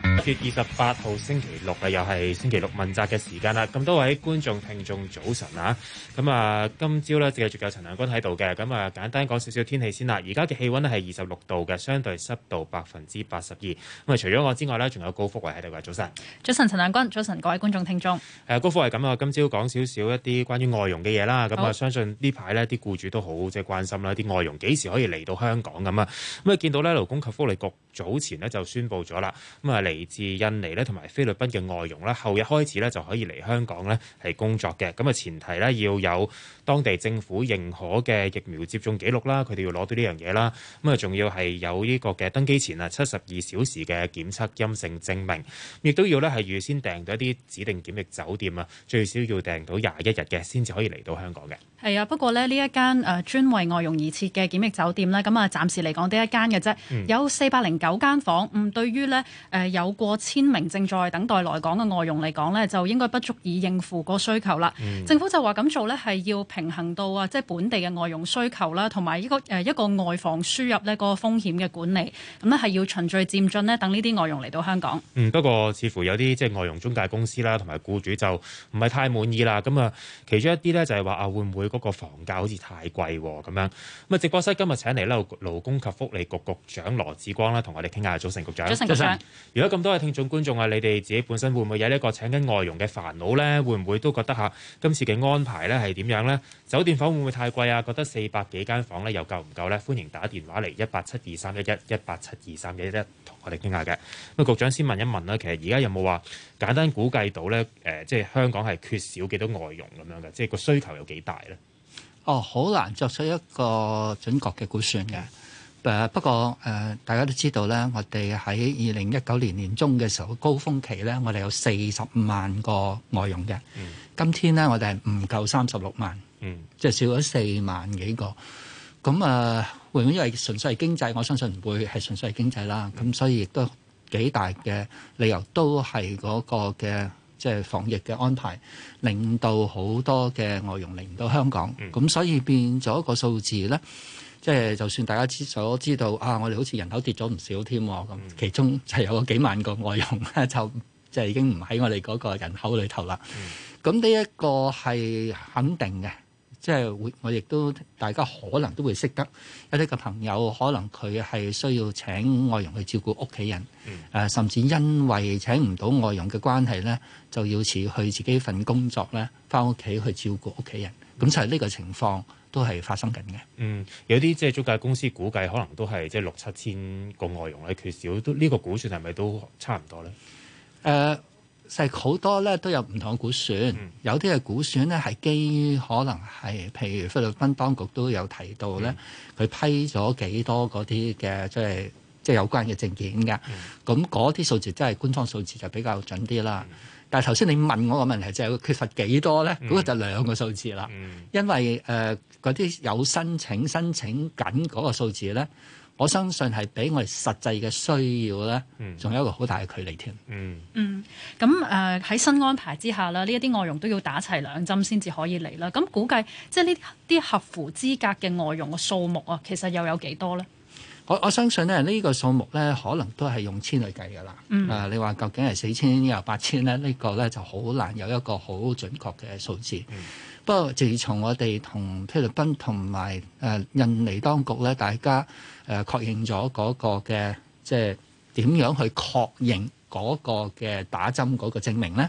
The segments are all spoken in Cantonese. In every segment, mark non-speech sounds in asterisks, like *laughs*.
八月二十八號星期六啊，又係星期六問責嘅時間啦。咁多位觀眾聽眾早晨啊，咁啊，今朝呢，繼續有陳亮君喺度嘅。咁啊，簡單講少少天氣先啦。而家嘅氣溫呢係二十六度嘅，相對濕度百分之八十二。咁啊，除咗我之外呢，仲有高福維喺度。家早晨。早晨，陳亮君，早晨各位觀眾聽眾。係高福維。咁啊，今朝講少少一啲關於外傭嘅嘢啦。咁啊好，相信呢排呢啲僱主都好即係關心啦，啲外傭幾時可以嚟到香港咁啊。咁啊，見到呢勞工及福利局早前呢就宣布咗啦。咁啊。嚟自印尼咧同埋菲律賓嘅外傭咧，後日開始咧就可以嚟香港咧係工作嘅。咁啊前提咧要有。當地政府認可嘅疫苗接種記錄啦，佢哋要攞到呢樣嘢啦。咁啊，仲要係有呢個嘅登機前啊七十二小時嘅檢測陰性證明，亦都要咧係預先訂到一啲指定檢疫酒店啊，最少要訂到廿一日嘅先至可以嚟到香港嘅。係啊，不過呢呢一間誒專為外傭而設嘅檢疫酒店呢，咁啊暫時嚟講呢一間嘅啫，有四百零九間房。嗯，對於呢誒有過千名正在等待來港嘅外傭嚟講呢，就應該不足以應付個需求啦。嗯，政府就話咁做呢係要。平衡到啊，即係本地嘅外傭需求啦，同埋呢個誒、呃、一個外防輸入呢、呢個風險嘅管理，咁咧係要循序漸進咧，等呢啲外傭嚟到香港。嗯，不過似乎有啲即係外傭中介公司啦，同埋雇主就唔係太滿意啦。咁啊，其中一啲咧就係、是、話啊，會唔會嗰個房價好似太貴咁、啊、樣？咁啊，直播室今日請嚟啦勞工及福利局局長羅致光啦、啊，同我哋傾下。早晨局長，早晨局長。如果咁多位聽眾觀眾啊，你哋自己本身會唔會有呢個請緊外傭嘅煩惱咧？會唔會都覺得吓今次嘅安排咧係點樣咧？酒店房會唔會太貴啊？覺得四百幾間房咧又夠唔夠咧？歡迎打電話嚟一八七二三一一一八七二三一一一，同我哋傾下嘅。咁局長先問一問啦，其實而家有冇話簡單估計到咧？誒、呃，即係香港係缺少幾多外佣咁樣嘅？即係個需求有幾大咧？哦，好難作出一個準確嘅估算嘅。誒，不過誒、呃，大家都知道咧，我哋喺二零一九年年中嘅時候高峰期咧，我哋有四十萬個外傭嘅。嗯。今天咧，我哋係唔夠三十六萬。嗯，即係少咗四萬幾個，咁啊，會唔會因為純粹係經濟？我相信唔會係純粹係經濟啦。咁、嗯、所以亦都幾大嘅理由，都係嗰個嘅即係防疫嘅安排，令到好多嘅外傭嚟唔到香港。咁、嗯、所以變咗個數字咧，即係就算大家所知道啊，我哋好似人口跌咗唔少添，咁其中就有幾萬個外傭就 *laughs* 就已經唔喺我哋嗰個人口裏頭啦。咁呢、嗯、一個係肯定嘅。即係會，我亦都大家可能都會識得一啲嘅朋友，可能佢係需要請外傭去照顧屋企人。嗯、呃。甚至因為請唔到外傭嘅關係咧，就要辭去自己份工作咧，翻屋企去照顧屋企人。咁、嗯、就係呢個情況都係發生緊嘅。嗯，有啲即係中介公司估計可能都係即係六七千個外傭咧缺少，都呢、呢個估算係咪都差唔多咧？誒、呃。好多咧，都有唔同嘅估算。嗯、有啲嘅估算咧係基於可能係，譬如菲律賓當局都有提到咧，佢、嗯、批咗幾多嗰啲嘅即係即係有關嘅證件嘅。咁嗰啲數字即係、就是、官方數字就比較準啲啦。嗯、但係頭先你問我個問題即係缺乏幾多咧？嗰、嗯、個就兩個數字啦。嗯、因為誒嗰啲有申請申請緊嗰個數字咧。我相信係俾我哋實際嘅需要咧，仲有一個好大嘅距離添。嗯，嗯，咁誒喺新安排之下啦，呢一啲外傭都要打齊兩針先至可以嚟啦。咁估計即係呢啲合乎資格嘅外傭嘅數目啊，其實又有幾多咧？我我相信咧，呢個數目咧，可能都係用千嚟計噶啦。啊，嗯，呃，你話究竟係四千又八千咧？呢個咧就好難有一個好準確嘅數字。嗯，不過，自從我哋同菲律賓同埋誒印尼當局咧，大家，誒確認咗嗰個嘅，即係點樣去確認嗰個嘅打針嗰個證明咧？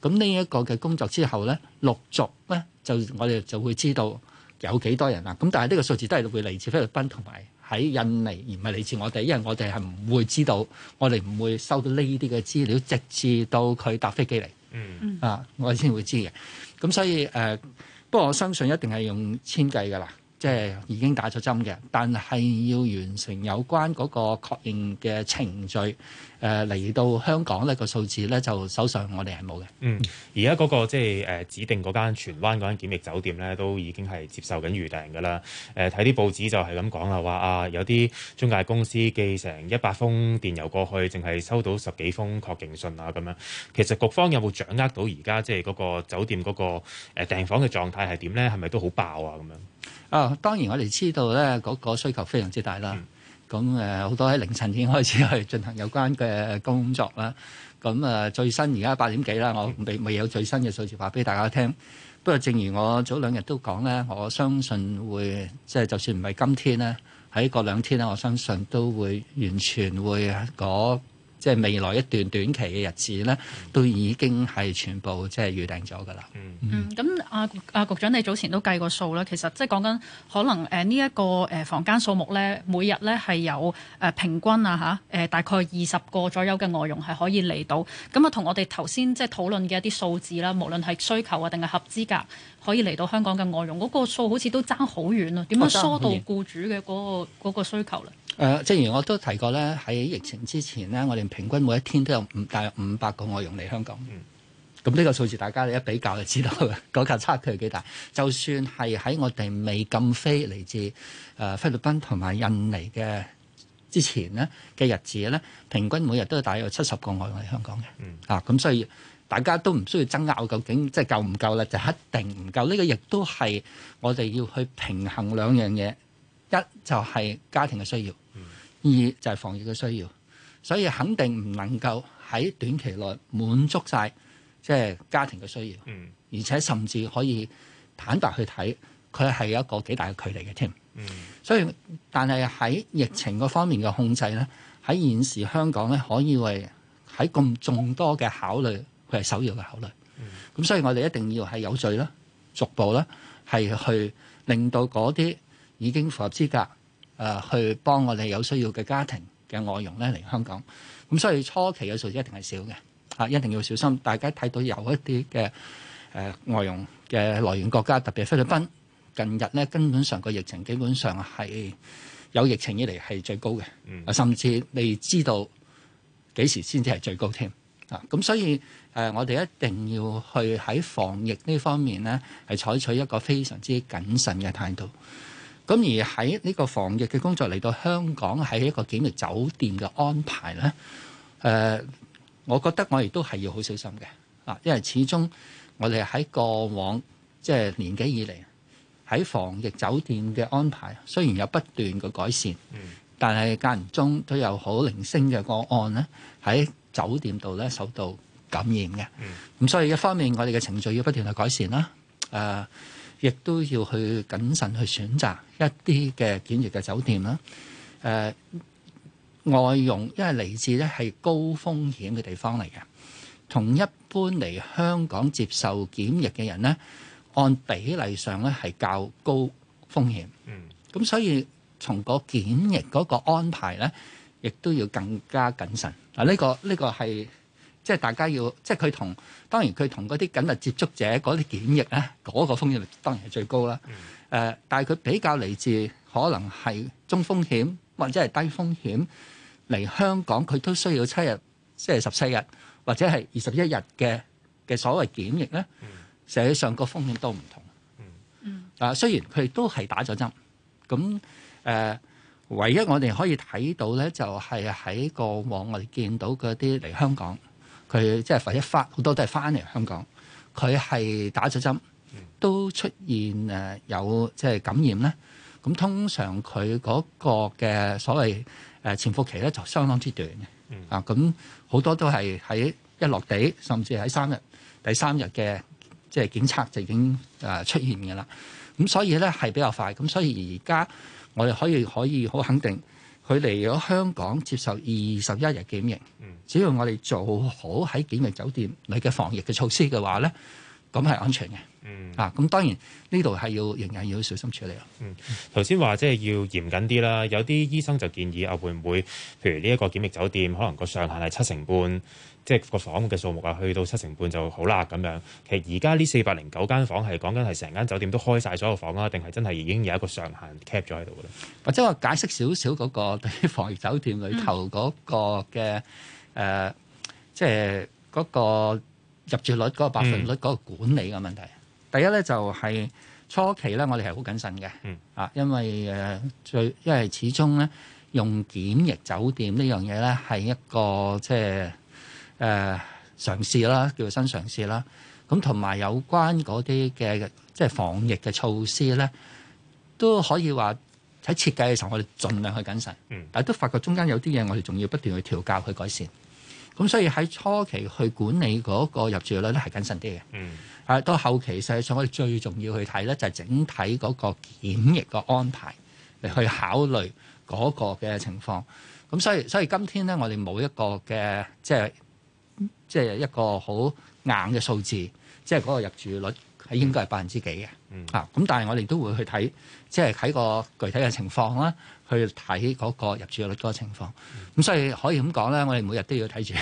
咁呢一個嘅工作之後咧，陸續咧就我哋就會知道有幾多人啦。咁但係呢個數字都係會嚟自菲律賓同埋喺印尼，而唔係嚟自我哋，因為我哋係唔會知道，我哋唔會收到呢啲嘅資料，直至到佢搭飛機嚟，嗯、啊，我先會知嘅。咁所以誒、呃，不過我相信一定係用千計噶啦。即係已經打咗針嘅，但係要完成有關嗰個確認嘅程序，誒、呃、嚟到香港呢個數字呢，就手上我哋係冇嘅。嗯，而家嗰個即係、即係呃、指定嗰間荃灣嗰間檢疫酒店呢，都已經係接受緊預訂噶啦。誒睇啲報紙就係咁講啦，話啊有啲中介公司寄成一百封電郵過去，淨係收到十幾封確認信啊咁樣。其實局方有冇掌握到而家即係嗰個酒店嗰、嗰個誒訂、呃、房嘅狀態係點呢？係咪都好爆啊咁樣？啊、哦，當然我哋知道咧，嗰個需求非常之大啦。咁誒，好、呃、多喺凌晨已經開始去進行有關嘅工作啦。咁啊、呃，最新而家八點幾啦，我未未有最新嘅數字話俾大家聽。不過，正如我早兩日都講咧，我相信會即係，就算唔係今天咧，喺過兩天咧，我相信都會完全會嗰、那個。即係未來一段短期嘅日子咧，都已經係全部即係預定咗㗎喇。了了嗯，咁阿阿局長，你早前都計過數啦。其實即係講緊可能誒、呃這個呃、呢一個誒房間數目咧，每日咧係有誒、呃、平均啊嚇誒、呃、大概二十個左右嘅外傭係可以嚟到。咁啊，同我哋頭先即係討論嘅一啲數字啦，無論係需求啊定係合資格可以嚟到香港嘅外傭，嗰、那個數好似都爭好遠啊！點樣疏導僱主嘅嗰、那個嗯、個需求咧？誒、呃，正如我都提過咧，喺疫情之前咧，我哋平均每一天都有大約五百個外傭嚟香港。咁呢個數字大家一比較就知道嗰、那個差距係幾大。就算係喺我哋未禁飛嚟自、呃、菲律賓同埋印尼嘅之前呢嘅日子咧，平均每日都有大約七十個外傭嚟香港嘅。嗯、啊，咁所以大家都唔需要爭拗究竟即係夠唔夠呢？就一定唔夠。呢、這個亦都係我哋要去平衡兩樣嘢。一就係家庭嘅需要，嗯、二就係防疫嘅需要，所以肯定唔能夠喺短期內滿足晒即係家庭嘅需要，嗯、而且甚至可以坦白去睇，佢係有一個幾大嘅距離嘅添。嗯、所以，但係喺疫情嗰方面嘅控制咧，喺現時香港咧可以為喺咁眾多嘅考慮，佢係首要嘅考慮。咁、嗯、所以，我哋一定要係有序啦，逐步啦，係去令到嗰啲。已經符合資格，呃、去幫我哋有需要嘅家庭嘅外傭咧嚟香港。咁所以初期嘅數字一定係少嘅、啊，一定要小心。大家睇到有一啲嘅、呃、外傭嘅來源國家，特別係菲律賓，近日咧根本上個疫情基本上係有疫情以嚟係最高嘅、啊，甚至未知道幾時先至係最高添啊。咁、啊、所以、呃、我哋一定要去喺防疫呢方面咧係採取一個非常之謹慎嘅態度。咁而喺呢個防疫嘅工作嚟到香港，喺一個檢疫酒店嘅安排咧、呃，我覺得我亦都係要好小心嘅，啊，因為始終我哋喺過往即係、就是、年紀以嚟，喺防疫酒店嘅安排，雖然有不斷嘅改善，但係間中都有好零星嘅個案咧喺酒店度咧受到感染嘅，咁所以一方面我哋嘅程序要不斷去改善啦，呃亦都要去謹慎去選擇一啲嘅檢疫嘅酒店啦。誒、呃，外傭因為嚟自咧係高風險嘅地方嚟嘅，同一般嚟香港接受檢疫嘅人咧，按比例上咧係較高風險。嗯，咁所以從嗰檢疫嗰個安排咧，亦都要更加謹慎。嗱、啊，呢、這個呢、這個係。即係大家要，即係佢同，當然佢同嗰啲緊密接觸者嗰啲檢疫咧，嗰、那個風險率當然係最高啦。誒、嗯呃，但係佢比較嚟自可能係中風險或者係低風險嚟香港，佢都需要七日，即係十七日或者係二十一日嘅嘅所謂檢疫咧。實際、嗯、上個風險都唔同。嗯嗯。啊、呃，雖然佢都係打咗針，咁誒、呃，唯一我哋可以睇到咧，就係喺過往我哋見到嗰啲嚟香港。佢即係或者翻好多都係翻嚟香港，佢係打咗針，都出現誒有即係感染咧。咁通常佢嗰個嘅所謂誒潛伏期咧就相當之短嘅。嗯、啊，咁好多都係喺一落地，甚至喺三日、第三日嘅即係檢測就已經誒出現㗎啦。咁所以咧係比較快。咁所以而家我哋可以可以好肯定。佢嚟咗香港接受二十一日檢疫，只要我哋做好喺檢疫酒店裏嘅防疫嘅措施嘅話，咧，咁係安全嘅。嗯，啊，咁當然呢度係要仍然要小心處理啦。嗯，頭先話，即係要嚴謹啲啦，有啲醫生就建議會會，啊，會唔會譬如呢一個檢疫酒店可能個上限係七成半？即係個房嘅數目啊，去到七成半就好啦咁樣。其實而家呢四百零九間房係講緊係成間酒店都開晒所有房啊，定係真係已經有一個上限 cap 咗喺度咧？或者我解釋少少嗰個對於防疫酒店裏頭嗰個嘅誒，即係嗰個入住率嗰個百分率嗰個管理嘅問題。第一咧就係初期咧，我哋係好謹慎嘅啊，因為誒最因為始終咧用檢疫酒店呢樣嘢咧係一個即係。誒、呃、嘗試啦，叫做新嘗試啦。咁同埋有關嗰啲嘅即係防疫嘅措施咧，都可以話喺設計嘅時候，我哋盡量去謹慎。嗯、但係都發覺中間有啲嘢，我哋仲要不斷去調校去改善。咁所以喺初期去管理嗰個入住率咧，係謹慎啲嘅。嗯，係到後期實際上，我哋最重要去睇咧，就係整體嗰個檢疫嘅安排嚟去考慮嗰個嘅情況。咁所以，所以今天咧，我哋冇一個嘅即係。即係一個好硬嘅數字，即係嗰個入住率係應該係百分之幾嘅嚇。咁、嗯啊、但係我哋都會去睇，即係睇個具體嘅情況啦，去睇嗰個入住率個情況。咁、嗯、所以可以咁講咧，我哋每日都要睇住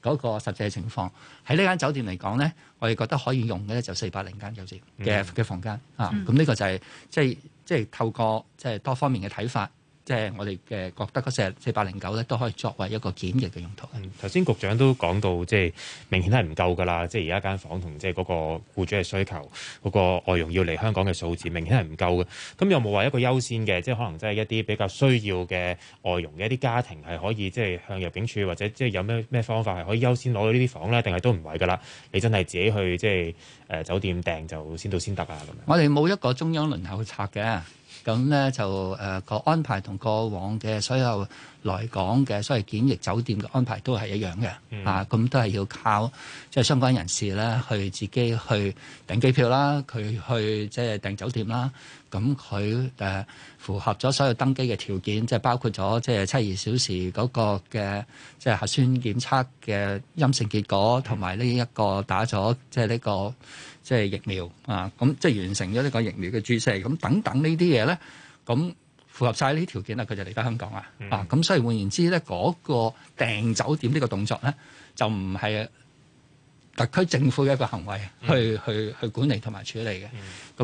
嗰個實際情況。喺呢間酒店嚟講咧，我哋覺得可以用嘅咧就四百零間酒店嘅嘅房間嚇。咁呢個就係、是、即係即係透過即係多方面嘅睇法。即係我哋嘅覺得嗰四四百零九咧，都可以作為一個檢疫嘅用途。頭先局長都講到，即係明顯係唔夠㗎啦。即係而家間房同即係嗰個僱主嘅需求，嗰個外傭要嚟香港嘅數字，明顯係唔夠嘅。咁有冇話一個優先嘅，即係可能即係一啲比較需要嘅外傭嘅一啲家庭，係可以即係向入境處或者即係有咩咩方法係可以優先攞到呢啲房咧？定係都唔係㗎啦。你真係自己去即係誒酒店訂就先到先得啊！咁樣。我哋冇一個中央輪候冊嘅。咁咧就誒個、呃、安排同過往嘅所有來港嘅所謂檢疫酒店嘅安排都係一樣嘅，嗯、啊，咁都係要靠即、係、相關人士咧去自己去訂機票啦，佢去即係訂酒店啦。咁佢誒符合咗所有登機嘅條件，即係包括咗即係七二小時嗰個嘅即係核酸檢測嘅陰性結果，同埋呢一個打咗即係呢個即係疫苗啊，咁即係完成咗呢個疫苗嘅注射，咁等等呢啲嘢咧，咁符合晒呢啲條件啦，佢就嚟返香港，嗯、啊，啊咁所以換言之咧，嗰個訂酒店呢個動作咧，就唔係。特區政府嘅一個行為去，去去、嗯、去管理同埋處理嘅，咁、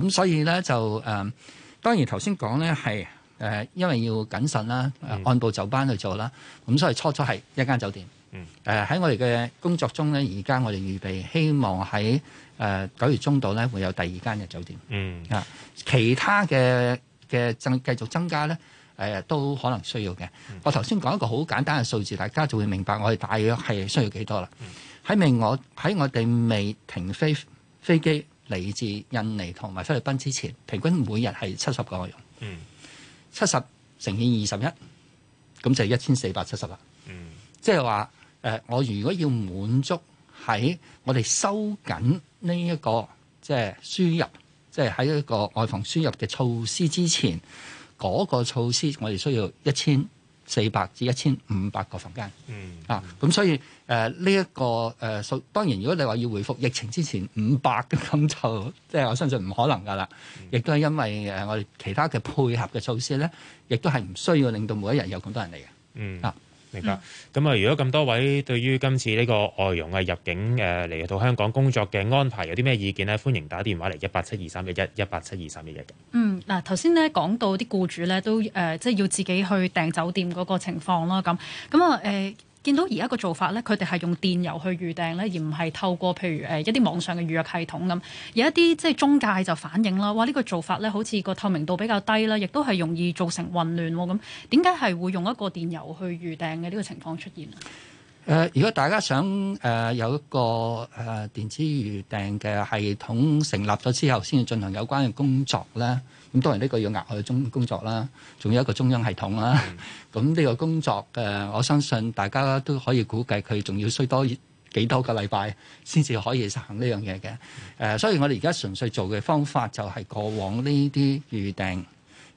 嗯、所以咧就誒、呃，當然頭先講咧係誒，因為要謹慎啦，呃嗯、按部就班去做啦。咁、嗯、所以初初係一間酒店，誒喺、嗯呃、我哋嘅工作中咧，而家我哋預備希望喺誒、呃、九月中度咧會有第二間嘅酒店。嗯啊，其他嘅嘅增繼續增加咧，誒、呃、都可能需要嘅。嗯、我頭先講一個好簡單嘅數字，大家就會明白我哋大約係需要幾多啦。嗯喺未我喺我哋未停飛飛機嚟自印尼同埋菲律賓之前，平均每日係七十個外傭，七十乘以二十一，咁、嗯、就一千四百七十啦。即係話誒，我如果要滿足喺我哋收緊呢、這、一個即係、就是、輸入，即係喺一個外防輸入嘅措施之前，嗰、那個措施我哋需要一千四百至一千五百個房間，嗯、啊，咁所以誒呢一個誒數、呃，當然如果你話要回復疫情之前五百嘅咁就，即、呃、係我相信唔可能㗎啦、嗯呃，亦都係因為誒我哋其他嘅配合嘅措施咧，亦都係唔需要令到每一日有咁多人嚟嘅，嗯、啊。明白，咁、嗯、啊，如果咁多位對於今次呢個外傭啊入境誒嚟到香港工作嘅安排有啲咩意見咧？歡迎打電話嚟一八七二三一一一八七二三一一嘅。1，嗯，嗱，頭先咧講到啲僱主咧都誒、呃，即係要自己去訂酒店嗰個情況咯，咁，咁啊誒。呃見到而家個做法咧，佢哋係用電郵去預訂咧，而唔係透過譬如誒一啲網上嘅預約系統咁。有一啲即係中介就反映啦，哇！呢個做法咧，好似個透明度比較低啦，亦都係容易造成混亂喎。咁點解係會用一個電郵去預訂嘅呢個情況出現啊？誒、呃，如果大家想誒、呃、有一個誒、呃、電子預訂嘅系統成立咗之後，先要進行有關嘅工，工作啦。咁當然呢個要額外中工作啦，仲有一個中央系統啦。咁呢、嗯、個工作誒、呃，我相信大家都可以估計佢仲要需多幾多個禮拜先至可以實行呢樣嘢嘅。誒、呃，所以我哋而家純粹做嘅方法就係過往呢啲預訂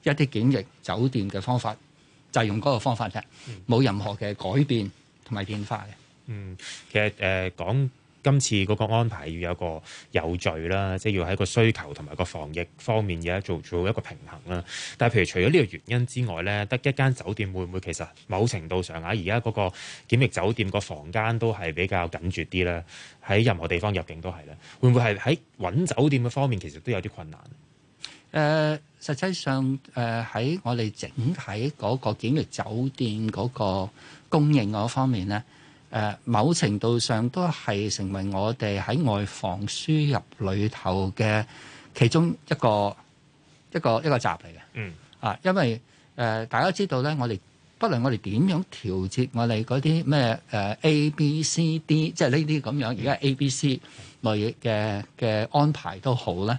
一啲檢疫酒店嘅方法，就係，用嗰個方法啫，冇任何嘅改變。同埋變化嘅，嗯，其實誒講今次嗰個安排要有一個有序啦，即係要喺個需求同埋個防疫方面而家做做一個平衡啦。但係譬如除咗呢個原因之外咧，得一間酒店會唔會其實某程度上喺而家嗰個檢疫酒店個房間都係比較緊絀啲咧？喺任何地方入境都係咧，會唔會係喺揾酒店嘅方面其實都有啲困難？誒、呃，實際上誒喺、呃、我哋整體嗰個檢疫酒店嗰、那個。供應嗰方面咧、呃，某程度上都係成為我哋喺外防輸入裏頭嘅其中一個一個一個集嚟嘅。嗯啊，因為、呃、大家知道咧，我哋不論我哋點樣調節我哋嗰啲咩 A、B、C、D，即係呢啲咁樣而家係 A、B、C 類嘅嘅安排都好咧，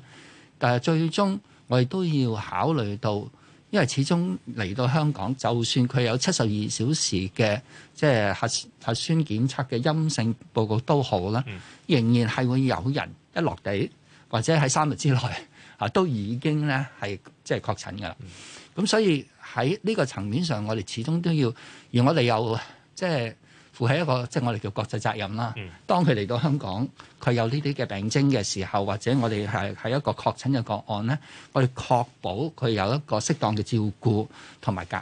但係最終我哋都要考慮到。因為始終嚟到香港，就算佢有七十二小時嘅即係核核酸檢測嘅陰性報告都好啦，嗯、仍然係會有人一落地或者喺三日之內啊，都已經咧係即係確診㗎啦。咁、嗯、所以喺呢個層面上，我哋始終都要，而我哋有，即係。負起一個即係我哋叫國際責任啦。嗯、當佢嚟到香港，佢有呢啲嘅病徵嘅時候，或者我哋係係一個確診嘅個案咧，我哋確保佢有一個適當嘅照顧同埋隔離。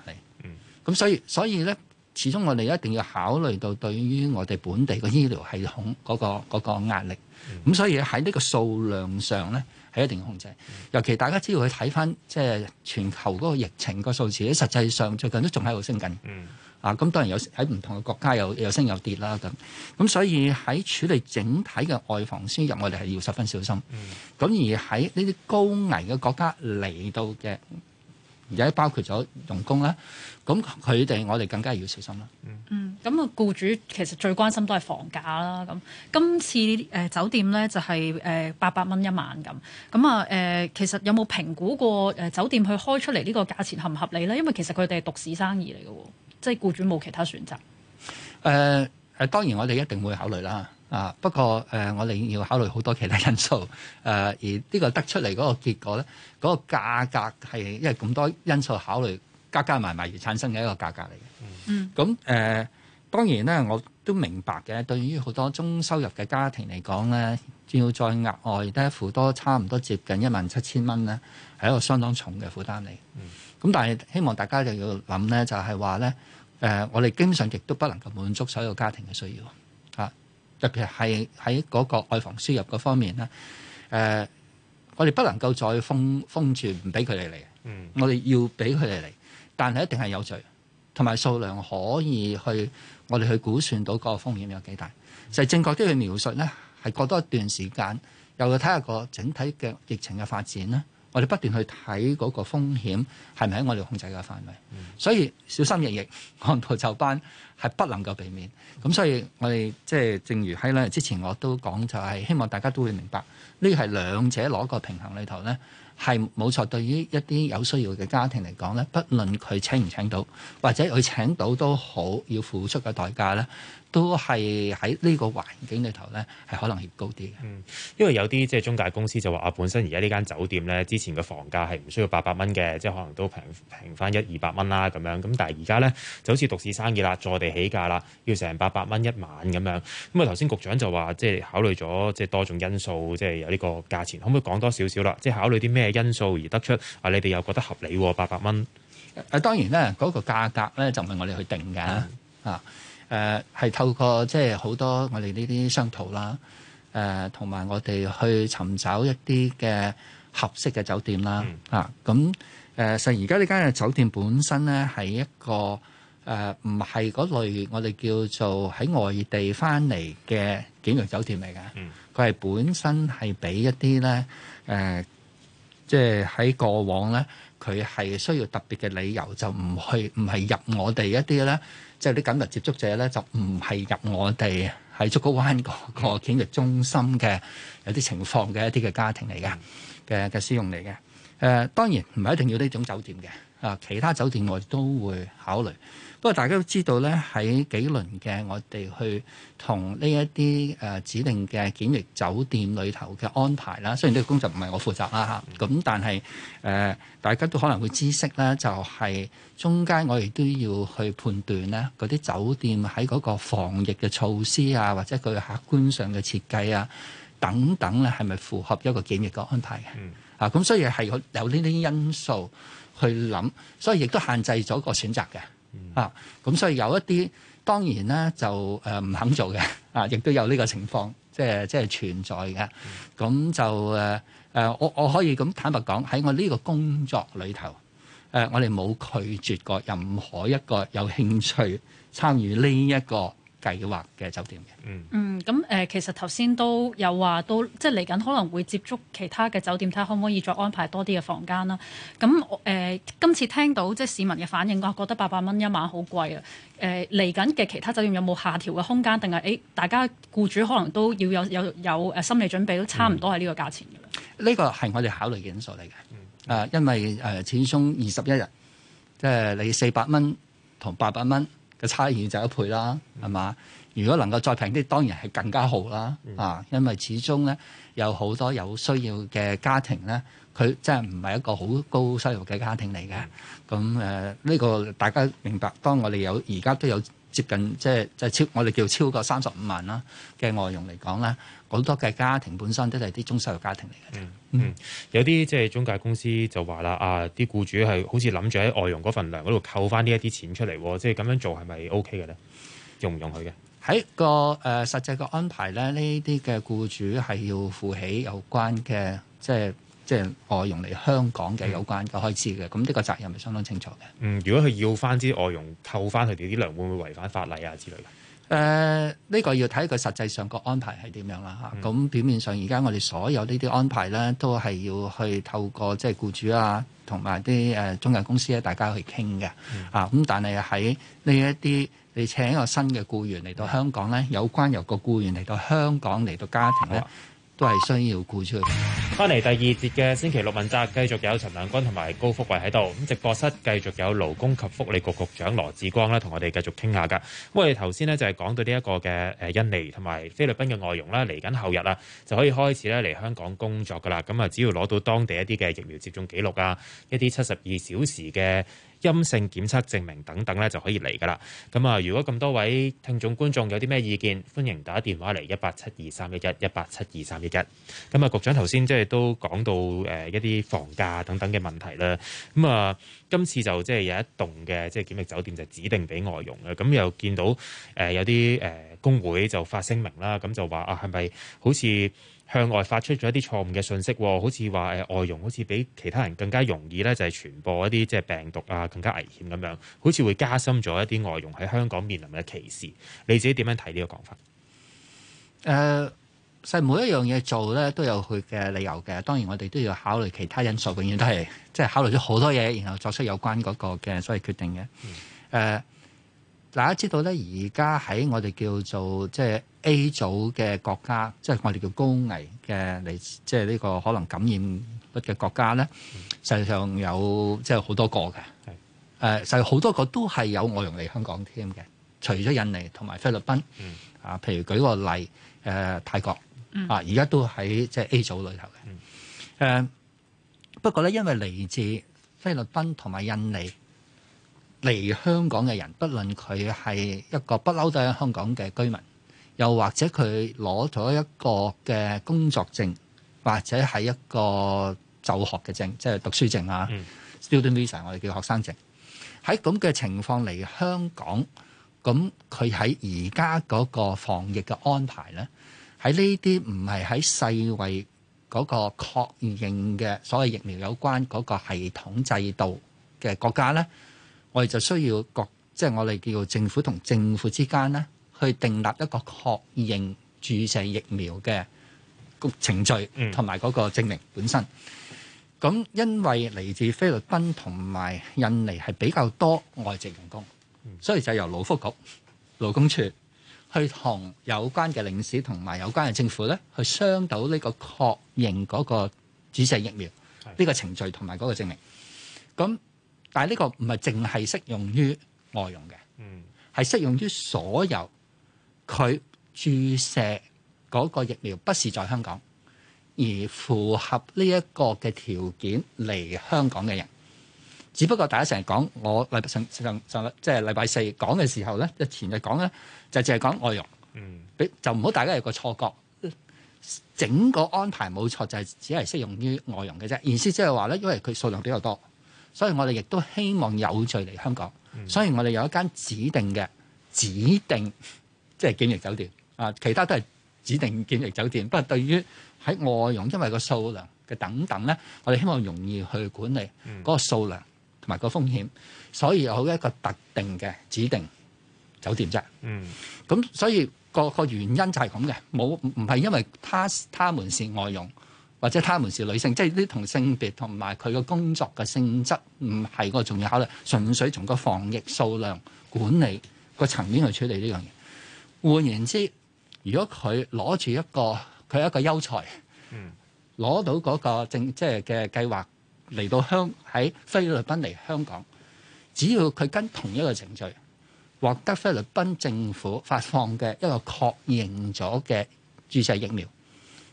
咁、嗯、所以所以咧，始終我哋一定要考慮到對於我哋本地嘅醫療系統嗰個嗰個壓力。咁、嗯、所以喺呢個數量上咧係一定要控制。嗯、尤其大家只要去睇返即係全球嗰個疫情個數字，實際上最近都仲喺度升緊。嗯啊，咁當然有喺唔同嘅國家有有升有跌啦，咁咁所以喺處理整體嘅外防輸入，我哋係要十分小心。咁、嗯、而喺呢啲高危嘅國家嚟到嘅，而家包括咗傭工啦，咁佢哋我哋更加要小心啦。嗯，咁啊，僱主其實最關心都係房價啦。咁今次誒、呃、酒店咧就係誒八百蚊一晚咁。咁啊誒，其實有冇評估過誒、呃、酒店去開出嚟呢個價錢合唔合理咧？因為其實佢哋係獨市生意嚟嘅。即係僱主冇其他選擇。誒誒、呃，當然我哋一定會考慮啦。啊，不過誒、呃，我哋要考慮好多其他因素。誒、啊、而呢個得出嚟嗰個結果咧，嗰、那個價格係因為咁多因素考慮，加加埋埋而產生嘅一個價格嚟嘅。嗯。咁誒、呃，當然咧，我都明白嘅。對於好多中收入嘅家庭嚟講咧，要再額外咧負多差唔多接近一萬七千蚊咧，係一個相當重嘅負擔嚟。咁、嗯、但係希望大家就要諗咧，就係話咧。誒、呃，我哋經常亦都不能夠滿足所有家庭嘅需要，嚇、啊，特別係喺嗰個外防輸入嗰方面咧，誒、啊，我哋不能夠再封封住，唔俾佢哋嚟。嗯，我哋要俾佢哋嚟，但係一定係有序，同埋數量可以去我哋去估算到個風險有幾大，就係、是、正確啲去描述咧，係過多一段時間，又要睇下個整體嘅疫情嘅發展咧。我哋不斷去睇嗰個風險係咪喺我哋控制嘅範圍，嗯、所以小心翼翼，按部就班係不能夠避免。咁所以我哋即係正如喺兩日之前我都講，就係希望大家都會明白，呢個係兩者攞個平衡裏頭咧，係冇錯。對於一啲有需要嘅家庭嚟講咧，不論佢請唔請到，或者佢請到都好，要付出嘅代價咧。都係喺呢個環境裏頭呢，係可能係高啲嘅。嗯，因為有啲即係中介公司就話啊，本身而家呢間酒店呢，之前嘅房價係唔需要八百蚊嘅，即係可能都平平翻一二百蚊啦咁樣。咁但係而家呢，就好似獨市生意啦，坐地起價啦，要成八百蚊一晚咁樣。咁啊頭先局長就話，即係考慮咗即係多種因素，即係有呢個價錢，可唔可以講多少少啦？即係考慮啲咩因素而得出啊？你哋又覺得合理喎、啊，八百蚊。啊當然呢，嗰、嗰個價格呢，就唔係我哋去定㗎、嗯、啊。誒係、呃、透過即係好多我哋呢啲商討啦，誒同埋我哋去尋找一啲嘅合適嘅酒店啦，嗯、啊咁誒，實而、呃、家呢間嘅酒店本身咧，係一個誒，唔係嗰類我哋叫做喺外地返嚟嘅檢疫酒店嚟嘅，佢係、嗯、本身係俾一啲咧誒，即係喺過往咧，佢係需要特別嘅理由就唔去，唔係入我哋一啲咧。即係啲緊密接觸者咧，就唔係入我哋喺竹篙灣嗰個檢疫中心嘅有啲情況嘅一啲嘅家庭嚟嘅嘅嘅使用嚟嘅。誒、呃，當然唔係一定要呢種酒店嘅啊，其他酒店我哋都會考慮。不過，大家都知道咧，喺幾輪嘅我哋去同呢一啲誒指定嘅檢疫酒店裏頭嘅安排啦。雖然呢個工作唔係我負責啦吓咁、嗯、但係誒、呃，大家都可能會知識啦，就係中間我亦都要去判斷咧，嗰啲酒店喺嗰個防疫嘅措施啊，或者佢客觀上嘅設計啊等等咧，係咪符合一個檢疫嘅安排嘅、嗯、啊？咁所以係有呢啲因素去諗，所以亦都限制咗個選擇嘅。啊，咁所以有一啲當然咧就誒唔肯做嘅，啊，亦都有呢個情況，即係即係存在嘅。咁就誒誒，我我可以咁坦白講，喺我呢個工作裏頭，誒，我哋冇拒絕過任何一個有興趣參與呢一個。計劃嘅酒店嘅、嗯，嗯，嗯，咁、呃、誒，其實頭先都有話，到即係嚟緊可能會接觸其他嘅酒店，睇下可唔可以再安排多啲嘅房間啦。咁誒、呃，今次聽到即係、就是、市民嘅反應話覺得八百蚊一晚好貴啊。誒、呃，嚟緊嘅其他酒店有冇下調嘅空間？定係誒，大家僱主可能都要有有有誒心理準備，都差唔多係呢個價錢㗎啦。呢個係我哋考慮嘅因素嚟嘅，誒、呃，因為誒，遣送二十一日，即、呃、係你四百蚊同八百蚊。差異就一倍啦，係嘛？如果能夠再平啲，當然係更加好啦。啊，因為始終咧有好多有需要嘅家庭咧，佢真係唔係一個好高收入嘅家庭嚟嘅。咁誒，呢個大家明白。當我哋有而家都有。接近即係即係超，我哋叫超過三十五萬啦嘅外傭嚟講咧，好多嘅家庭本身都係啲中產嘅家庭嚟嘅，嗯。嗯嗯，有啲即係中介公司就話啦，啊啲僱主係好似諗住喺外傭嗰份糧嗰度扣翻呢一啲錢出嚟，即係咁樣做係咪 OK 嘅咧？容唔容許嘅？喺個誒、呃、實際嘅安排咧，呢啲嘅僱主係要付起有關嘅即係。即係即係外傭嚟香港嘅有關嘅開支嘅，咁呢、嗯、個責任係相當清楚嘅。嗯，如果佢要翻啲外傭扣翻佢哋啲糧，會唔會違反法，法例啊之類嘅？誒、呃，呢、呢個要睇佢實際上個安排係點樣啦嚇。咁、嗯啊、表面上而家我哋所有呢啲安排咧，都係要去透過即係僱主啊，同埋啲誒中介公司咧、啊，大家去傾嘅。嗯、啊，咁但係喺呢一啲你請一個新嘅僱員嚟到香港咧，嗯、有關由個僱員嚟到香港嚟到家庭咧。啊都係需要顧出。翻嚟第二節嘅星期六問責，繼續有陳亮君同埋高福慧喺度。咁直播室繼續有勞工及福利局局長羅致光咧，同我哋繼續傾下噶。咁我哋頭先呢，就係講到呢一個嘅誒，印尼同埋菲律賓嘅外傭啦。嚟緊後日啦就可以開始咧嚟香港工作噶啦。咁啊，只要攞到當地一啲嘅疫苗接種記錄啊，一啲七十二小時嘅。陰性檢測證明等等咧，就可以嚟噶啦。咁啊，如果咁多位聽眾觀眾有啲咩意見，歡迎打電話嚟一八七二三一一一八七二三一一。咁啊，局長頭先即係都講到誒一啲房價等等嘅問題啦。咁啊，今次就即係有一棟嘅即係檢疫酒店就指定俾外傭啦。咁又見到誒有啲誒工會就發聲明啦，咁就話啊，係咪好似？向外發出咗一啲錯誤嘅信息，好似話誒外傭好似比其他人更加容易咧，就係傳播一啲即係病毒啊，更加危險咁樣，好似會加深咗一啲外傭喺香港面臨嘅歧視。你自己點樣睇呢個講法？誒、呃，其實每一樣嘢做咧都有佢嘅理由嘅。當然我哋都要考慮其他因素，永遠都係即係考慮咗好多嘢，然後作出有關嗰個嘅所謂決定嘅。誒、嗯。呃大家知道咧，而家喺我哋叫做即係 A 組嘅國家，即係我哋叫高危嘅嚟，即係呢個可能感染率嘅國家咧，實際上有即係好多個嘅。誒，實際好多個都係有外傭嚟香港添嘅，除咗印尼同埋菲律賓。啊，譬如舉個例，誒，呃，泰國啊，而家都喺即係 A 組裏頭嘅。誒，不過咧，因為嚟自菲律賓同埋印尼。嚟香港嘅人，不論佢係一個不嬲都喺香港嘅居民，又或者佢攞咗一個嘅工作證或者係一個就學嘅證，即係讀書證啊，student visa、嗯、我哋叫學生證，喺咁嘅情況嚟香港，咁佢喺而家嗰個防疫嘅安排咧，喺呢啲唔係喺世衛嗰個確認，嘅所謂疫苗有關嗰個系統制度嘅國家咧。我哋就需要各，即係我哋叫做政府同政府之間咧，去訂立一個確認注射疫苗嘅個程序，同埋嗰個證明本身。咁、嗯、因為嚟自菲律賓同埋印尼係比較多外籍員工，嗯、所以就由勞福局、勞工處去同有關嘅領事同埋有關嘅政府咧，去商討呢個確認嗰個注射疫苗呢個程序同埋嗰個證明。咁是但係呢個唔係淨係適用於外傭嘅，係適用於所有佢注射嗰個疫苗，不是在香港而符合呢一個嘅條件嚟香港嘅人。只不過大家成日講我禮拜上上上即係禮拜四講嘅時候咧，前日講咧就淨係講外傭，俾就唔好大家有個錯覺，整個安排冇錯，就係只係適用於外傭嘅啫。意思即係話咧，因為佢數量比較多。所以我哋亦都希望有序嚟香港，所以我哋有一間指定嘅指定，即係檢疫酒店啊，其他都係指定檢疫酒店。不過對於喺外傭，因為個數量嘅等等咧，我哋希望容易去管理嗰個數量同埋個風險，所以有好一個特定嘅指定酒店啫。嗯，咁所以個,個原因就係咁嘅，冇唔係因為他他們是外傭。或者他們是女性，即係呢啲同性別、同埋佢個工作嘅性質唔係個重要考慮，純粹從個防疫數量管理個層面去處理呢樣嘢。換言之，如果佢攞住一個佢係一個優才，攞、嗯、到嗰、那個正即係嘅計劃嚟到香喺菲律賓嚟香港，只要佢跟同一個程序獲得菲律賓政府發放嘅一個確認咗嘅注射疫苗。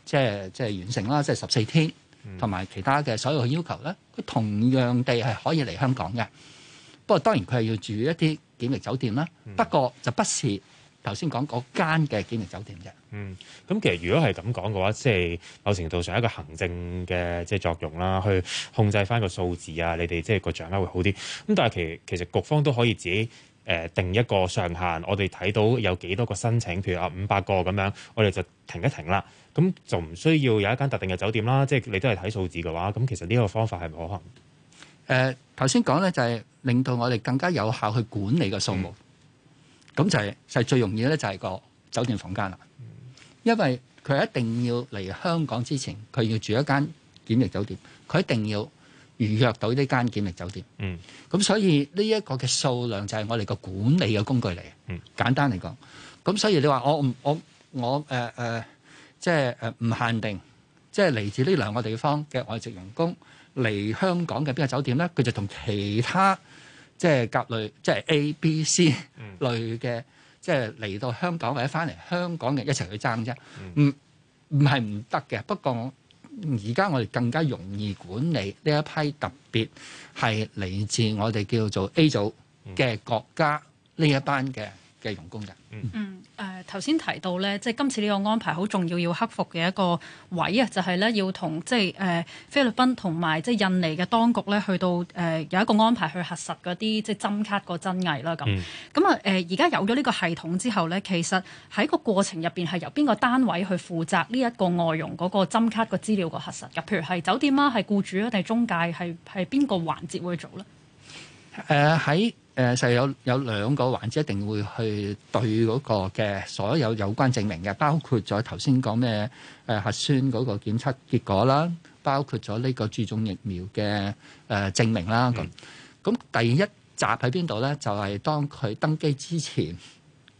即係即係完成啦，即係十四天同埋其他嘅所有嘅要求咧，佢同樣地係可以嚟香港嘅。不過當然佢係要住一啲檢疫酒店啦。嗯、不過就不是頭先講嗰間嘅檢疫酒店嘅。嗯，咁其實如果係咁講嘅話，即係某程度上一個行政嘅即係作用啦，去控制翻個數字啊，你哋即係個掌握會好啲。咁但係其其實局方都可以自己誒定一個上限，我哋睇到有幾多個申請，譬如啊五百個咁樣，我哋就停一停啦。咁就唔需要有一間特定嘅酒店啦，即係你都係睇數字嘅話，咁其實呢個方法係唔可行。誒，頭先講咧就係令到我哋更加有效去管理個數目，咁，嗯，就係就係最容易咧就係個酒店房間啦。嗯，因為佢一定要嚟香港之前，佢要住一間檢疫酒店，佢一定要預約到呢間檢疫酒店。嗯，咁所以呢一個嘅數量就係我哋個管理嘅工具嚟。嗯，簡單嚟講，咁所以你話我唔我我誒誒。呃呃即係誒唔限定，即係嚟自呢兩個地方嘅外籍員工嚟香港嘅邊個酒店咧？佢就同其他即係甲類、即係 A、B、C 類嘅，即係嚟到香港或者翻嚟香港嘅一齊去爭啫。唔唔係唔得嘅，不過而家我哋更加容易管理呢一批特別係嚟自我哋叫做 A 組嘅國家呢一班嘅。計用工嘅，嗯誒頭先提到咧，即係今次呢個安排好重要，要克服嘅一個位啊，就係、是、咧要同即係誒、呃、菲律賓同埋即係印尼嘅當局咧，去到誒、呃、有一個安排去核實嗰啲即係針卡個真偽啦咁。咁啊誒而家有咗呢個系統之後咧，其實喺個過程入邊係由邊個單位去負責呢一個外傭嗰個針卡個資料個核實嘅？譬如係酒店啦、啊，係僱主啊，定係中介係係邊個環節會做咧？誒喺、呃誒，就、呃、有有兩個環節一定會去對嗰個嘅所有有關證明嘅，包括咗頭先講咩誒核酸嗰個檢測結果啦，包括咗呢個注種疫苗嘅誒、呃、證明啦。咁咁、嗯、第一集喺邊度咧？就係、是、當佢登機之前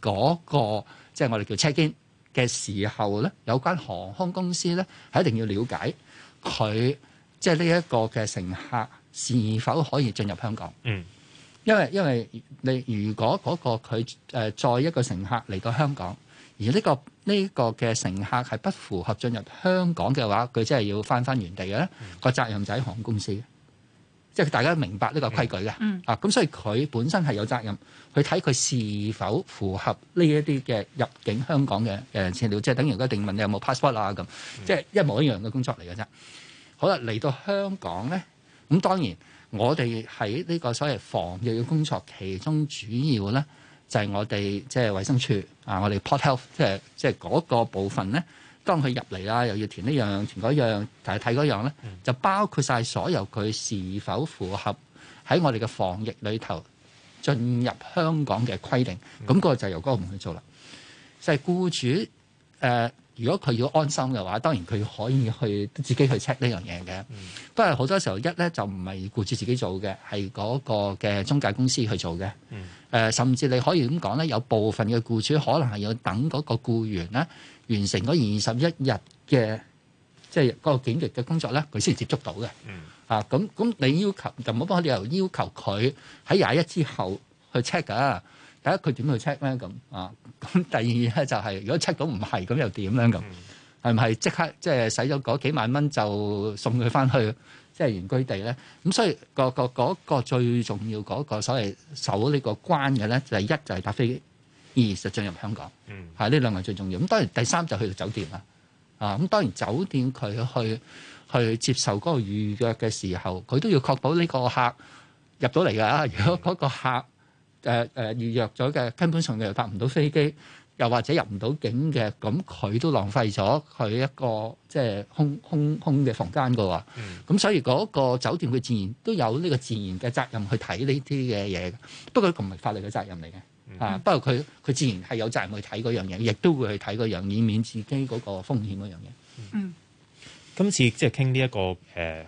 嗰、那個，即、就、係、是、我哋叫 check-in 嘅時候咧，有關航空公司咧，係一定要了解佢即係呢一個嘅乘客是否可以進入香港。嗯因為因為你如果嗰個佢誒載一個乘客嚟到香港，而呢、這個呢、這個嘅乘客係不符合進入香港嘅話，佢真係要返返原地嘅咧，嗯、個責任就喺航空公司。即係大家明白呢個規矩嘅，嗯嗯、啊咁，所以佢本身係有責任去睇佢是否符合呢一啲嘅入境香港嘅誒資料，即係等於一定問你有冇 passport 啊咁，嗯、即係一模一樣嘅工作嚟嘅啫。好啦，嚟到香港咧，咁當然。我哋喺呢個所謂防疫嘅工作，其中主要咧就係我哋即係衞生署啊，我哋 port health 即係即係嗰個部分咧，當佢入嚟啦，又要填呢樣，填嗰樣，就係睇嗰樣咧，就包括晒所有佢是否符合喺我哋嘅防疫裏頭進入香港嘅規定。咁個就由嗰個部門去做啦，就係僱主誒。呃如果佢要安心嘅話，當然佢可以去自己去 check 呢樣嘢嘅。不過好多時候一咧就唔係僱主自己做嘅，係嗰個嘅中介公司去做嘅。誒、嗯呃，甚至你可以咁講咧，有部分嘅僱主可能係要等嗰個僱員咧完成嗰二十一日嘅即係嗰個檢疫嘅工作咧，佢先接觸到嘅。嗯、啊，咁咁你要求就冇咩理由要求佢喺廿一之後去 check 噶、啊。第一佢點去 check 咧咁啊？咁第二咧就係、是、如果 check 到唔係咁又點咧咁？係唔係即刻即係使咗嗰幾萬蚊就送佢翻去即係、就是、原居地咧？咁所以、嗰個個嗰、嗰個最重要嗰、嗰個所謂守呢個關嘅咧，就係一就係搭飛機，二就是進入香港，係呢、嗯、兩個最重要。咁當然第三就去到酒店啦，啊咁當然酒店佢去去接受嗰個預約嘅時候，佢都要確保呢個客入到嚟噶。嗯、如果嗰個客，誒誒，預約咗嘅，根本上佢又搭唔到飛機，又或者入唔到境嘅，咁佢都浪費咗佢一個即係空空空嘅房間㗎喎。咁、嗯、所以嗰個酒店佢自然都有呢個自然嘅責任去睇呢啲嘅嘢。不過佢唔係法律嘅責任嚟嘅，嗯、啊，不過佢佢自然係有責任去睇嗰樣嘢，亦都會去睇嗰樣，以免自己嗰個風險嗰樣嘢。嗯今次即係傾呢一個誒，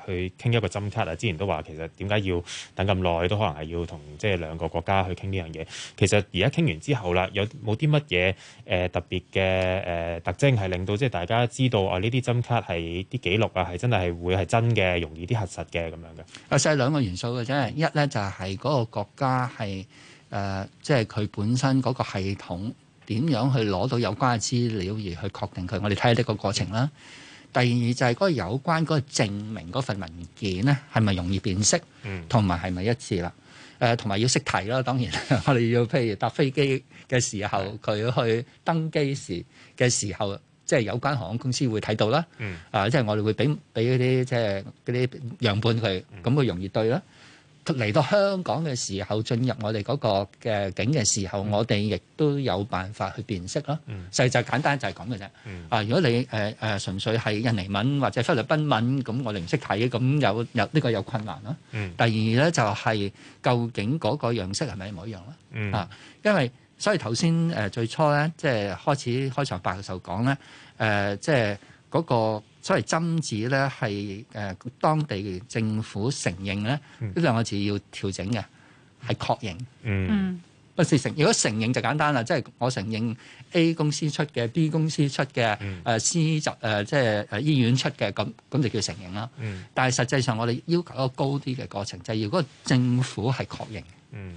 去傾一個針卡啊！之前都話其實點解要等咁耐，都可能係要同即係兩個國家去傾呢樣嘢。其實而家傾完之後啦，有冇啲乜嘢誒特別嘅誒特徵係令到即係大家知道、呃、這些這些啊？呢啲針卡係啲記錄啊，係真係係會係真嘅，容易啲核實嘅咁樣嘅。啊，曬兩個元素嘅啫，一咧就係嗰個國家係誒，即係佢本身嗰個系統點樣去攞到有關嘅資料而去確定佢。我哋睇下呢個過程啦。第二就係嗰個有關嗰個證明嗰份文件咧，係咪容易辨識，同埋係咪一致啦？誒、呃，同埋要識睇啦。當然，我哋要譬如搭飛機嘅時候，佢是的 去登機時嘅時候，即係、嗯、有關航空公司會睇到啦。嗯、啊，即、就、係、是、我哋會俾俾嗰啲即係嗰啲樣本佢，咁佢、就是、容易對啦。嗯嗯嚟到香港嘅時候，進入我哋嗰個嘅境嘅時候，嗯、我哋亦都有辦法去辨識咯。嗯、實際簡單就係咁嘅啫。啊、嗯，如果你誒誒、呃、純粹係印尼文或者菲律賓文，咁我哋唔識睇，咁有有呢、呢個有困難啦。嗯、第二咧就係究竟嗰個樣式係咪冇一樣啦？嗯、啊，因為所以頭先誒最初咧，即係開始開場白嘅時候講咧，誒、呃、即係。嗰個所謂針紙咧，係誒、呃、當地政府承認咧，呢、嗯、兩個字要調整嘅，係確認。嗯，不是承。如果承認就簡單啦，即、就、係、是、我承認 A 公司出嘅、B 公司出嘅、誒、嗯呃、C 就誒即係誒醫院出嘅，咁咁就叫承認啦。嗯，但係實際上我哋要求一個高啲嘅過程，就係、是、如果政府係確認。嗯。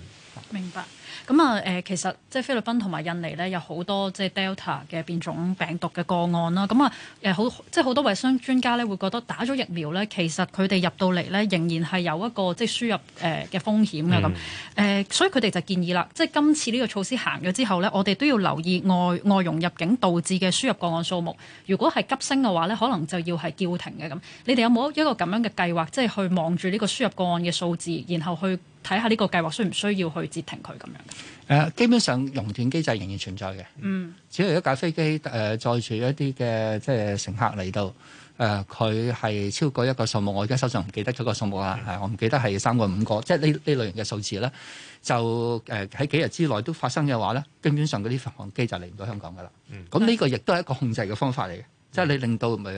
明白。咁啊，其實即係菲律賓同埋印尼咧，有好多即係 Delta 嘅變種病毒嘅個案啦。咁啊好即係好多衞生專家咧會覺得打咗疫苗咧，其實佢哋入到嚟咧，仍然係有一個即係輸入嘅風險嘅咁、嗯、所以佢哋就建議啦，即係今次呢個措施行咗之後咧，我哋都要留意外外傭入境導致嘅輸入個案數目，如果係急升嘅話咧，可能就要係叫停嘅咁。你哋有冇一個咁樣嘅計劃，即係去望住呢個輸入個案嘅數字，然後去？睇下呢個計劃需唔需要去截停佢咁樣？誒、呃，基本上熔斷機制仍然存在嘅。嗯，只要一架飛機誒、呃、載住一啲嘅即係乘客嚟到誒，佢、呃、係超過一個數目，我而家手上唔記得咗個數目啦。係、嗯呃，我唔記得係三個、五個，即係呢呢類型嘅數字咧，就誒喺、呃、幾日之內都發生嘅話咧，基本上嗰啲飛機就嚟唔到香港噶啦。嗯，咁呢個亦都係一個控制嘅方法嚟嘅。即係你令到咪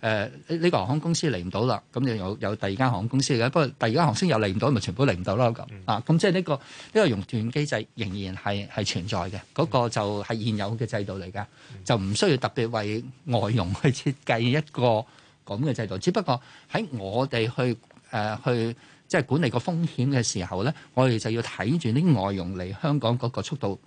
誒呢個航空公司嚟唔到啦，咁就有有第二間航空公司嘅。不過第二間航司又嚟唔到，咪全部嚟唔到啦咁。嗯、啊，咁即係呢個呢、呢個熔斷機制仍然係係存在嘅，嗰、嗰個就係現有嘅制度嚟噶，就唔需要特別為外傭去設計一個咁嘅制度。只不過喺我哋去誒、呃、去即係管理個風險嘅時候咧，我哋就要睇住啲外傭嚟香港嗰個速度誒、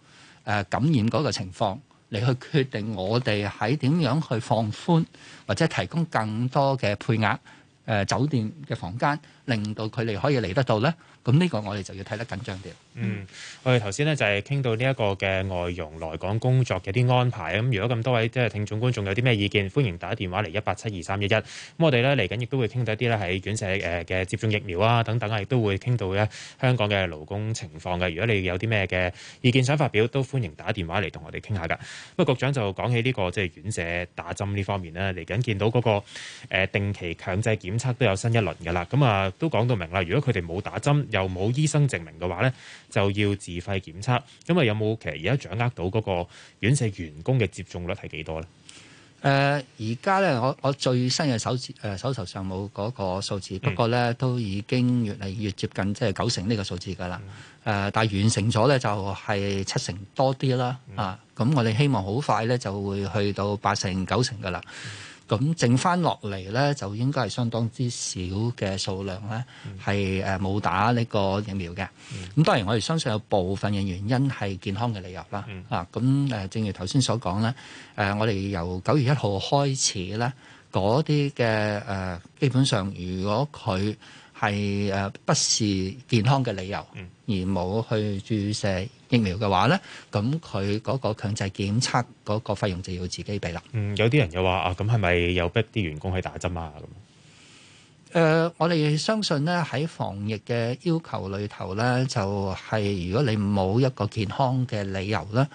呃、感染嗰個情況。你去決定我哋喺點樣去放寬，或者提供更多嘅配額，誒、呃、酒店嘅房間，令到佢哋可以嚟得到咧。咁呢個我哋就要睇得緊張啲。嗯，我哋頭先呢，就係傾到呢一個嘅外傭，來港工作嘅啲安排。咁如果咁多位即係、就是、聽眾觀眾有啲咩意見，歡迎打電話嚟一八七二三一一。咁我哋呢，嚟緊亦都會傾到一啲呢，喺院舍嘅接種疫苗啊等等啊，亦都會傾到香港嘅勞工情況嘅。如果你有啲咩嘅意見想發表，都歡迎打電話嚟同我哋傾下噶。咁、那個、局長就講起呢、這個即係、就是、院舍打針呢方面呢，嚟緊見到嗰個定期強制檢測都有新一輪嘅啦。咁啊都講到明啦，如果佢哋冇打針，又冇醫生證明嘅話呢，就要自費檢測。咁啊，有冇其實而家掌握到嗰個院舍員工嘅接種率係幾多呢？誒、呃，而家呢，我我最新嘅手指誒、呃、手頭上冇嗰個數字，不過呢，都已經越嚟越接近即係九成呢個數字噶啦。誒、嗯呃，但係完成咗呢，就係七成多啲啦。嗯、啊，咁我哋希望好快呢，就會去到八成九成噶啦。嗯咁剩翻落嚟咧，就應該係相當之少嘅數量咧，係誒冇打呢個疫苗嘅。咁當然我哋相信有部分嘅原因係健康嘅理由啦。咁誒，正如頭先所講咧，誒，我哋由九月一號開始咧，嗰啲嘅誒，基本上如果佢。係誒不是健康嘅理由，而冇去注射疫苗嘅話咧，咁佢嗰個強制檢測嗰個費用就要自己俾啦。嗯，有啲人又話啊，咁係咪又逼啲員工去打針啊？咁誒、呃，我哋相信咧喺防疫嘅要求裏頭咧，就係、是、如果你冇一個健康嘅理由咧，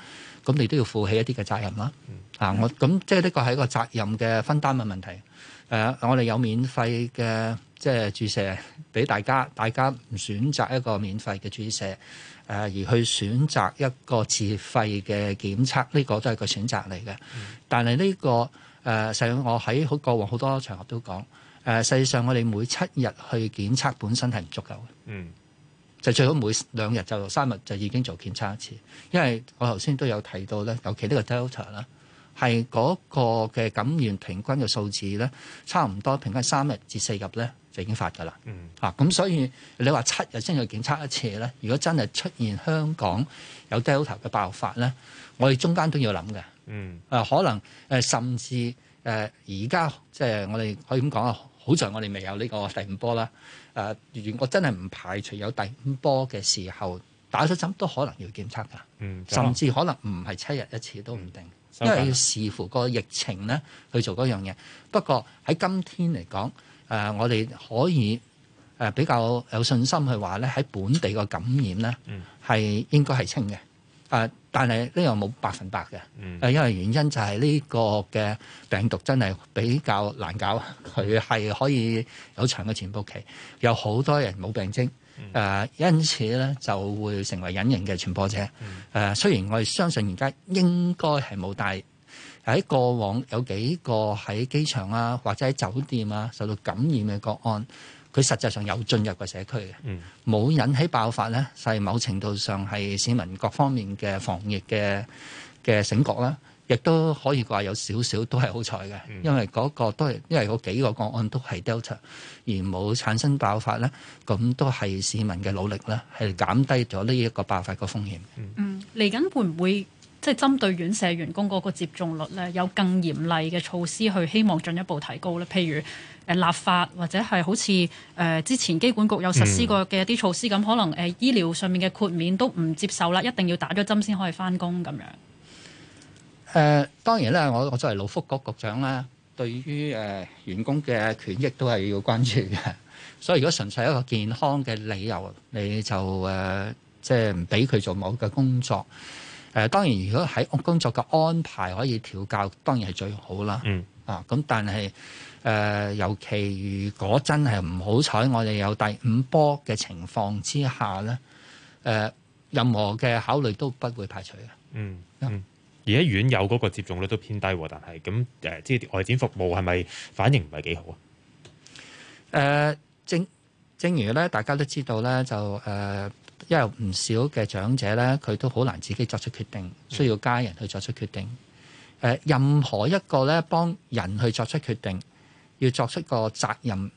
咁你都要負起一啲嘅責任啦。嗯、啊，我咁即係呢個係一個責任嘅分擔嘅問題。誒、呃，我哋有免費嘅。即係注射俾大家，大家唔選擇一個免費嘅注射，誒、呃、而去選擇一個自費嘅檢測，呢、這個都係個選擇嚟嘅。但係呢、這個誒、呃，實我喺好過往好多場合都講誒、呃，實際上我哋每七日去檢測本身係唔足夠嘅。嗯，就最好每兩日就三日就已經做檢測一次，因為我頭先都有提到咧，尤其呢個 Delta 啦，係嗰個嘅感染平均嘅數字咧，差唔多平均三日至四日咧。就已經發噶啦，嚇咁、嗯啊、所以你話七日先去檢測一次咧？如果真係出現香港有 Delta 嘅爆發咧，我哋中間都要諗嘅，嗯，誒、啊、可能誒、呃、甚至誒而家即係我哋可以咁講啊，好在我哋未有呢個第五波啦。誒、呃，如果真係唔排除有第五波嘅時候，打咗針都可能要檢測噶，嗯，甚至可能唔係七日一次都唔定，因為要視乎個疫情咧去做嗰樣嘢。不過喺今天嚟講，誒、呃，我哋可以誒、呃、比較有信心去話咧，喺本地個感染咧，係、嗯、應該係清嘅。誒、呃，但係呢個冇百分百嘅。誒、嗯呃，因為原因就係呢個嘅病毒真係比較難搞，佢係可以有長嘅傳播期，有好多人冇病徵。誒、呃，因此咧就會成為隱形嘅傳播者。誒、呃，雖然我哋相信而家應該係冇大。喺過往有幾個喺機場啊，或者喺酒店啊受到感染嘅個案，佢實際上有進入個社區嘅，冇引起爆發咧，係某程度上係市民各方面嘅防疫嘅嘅醒覺啦，亦都可以話有少少都係好彩嘅，因為嗰個都係因為嗰幾個個案都係 Delta，而冇產生爆發咧，咁都係市民嘅努力咧，係減低咗呢一個爆發個風險。嗯，嚟緊會唔會？即係針對院舍員工嗰個接種率咧，有更嚴厲嘅措施去希望進一步提高咧。譬如誒立法或者係好似誒、呃、之前機管局有實施過嘅一啲措施咁，嗯、可能誒、呃、醫療上面嘅豁免都唔接受啦，一定要打咗針先可以翻工咁樣。誒、呃、當然啦，我我作為勞福局局長咧，對於誒、呃、員工嘅權益都係要關注嘅。所以如果純粹一個健康嘅理由，你就誒、呃、即係唔俾佢做某嘅工作。誒、呃、當然，如果喺屋工作嘅安排可以調教，當然係最好啦。嗯。啊，咁但係誒、呃，尤其如果真係唔好彩，我哋有第五波嘅情況之下咧，誒、呃、任何嘅考慮都不會排除嘅。嗯。嗯。啊、而家院有院友嗰個接種率都偏低喎，但係咁誒，即係、呃、啲外展服務係咪反應唔係幾好啊？誒、呃，正正如咧，大家都知道咧，就誒。呃因為唔少嘅長者咧，佢都好難自己作出決定，需要家人去作出決定。誒、呃，任何一個咧幫人去作出決定，要作出個責任、